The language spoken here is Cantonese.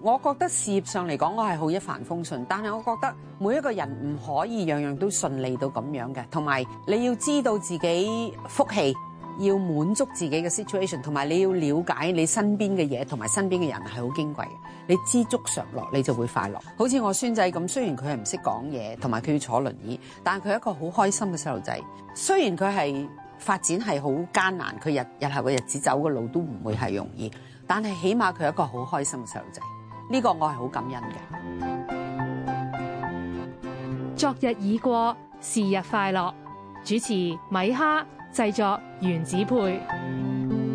我覺得事業上嚟講，我係好一帆風順。但係我覺得每一個人唔可以樣樣都順利到咁樣嘅，同埋你要知道自己福氣，要滿足自己嘅 situation，同埋你要了解你身邊嘅嘢，同埋身邊嘅人係好矜貴嘅。你知足常樂，你就會快樂。好似我孫仔咁，雖然佢係唔識講嘢，同埋佢要坐輪椅，但係佢係一個好開心嘅細路仔。雖然佢係發展係好艱難，佢日日後嘅日子走嘅路都唔會係容易，但係起碼佢係一個好開心嘅細路仔。呢個我係好感恩嘅。昨日已過，是日快樂。主持米哈，製作原子配。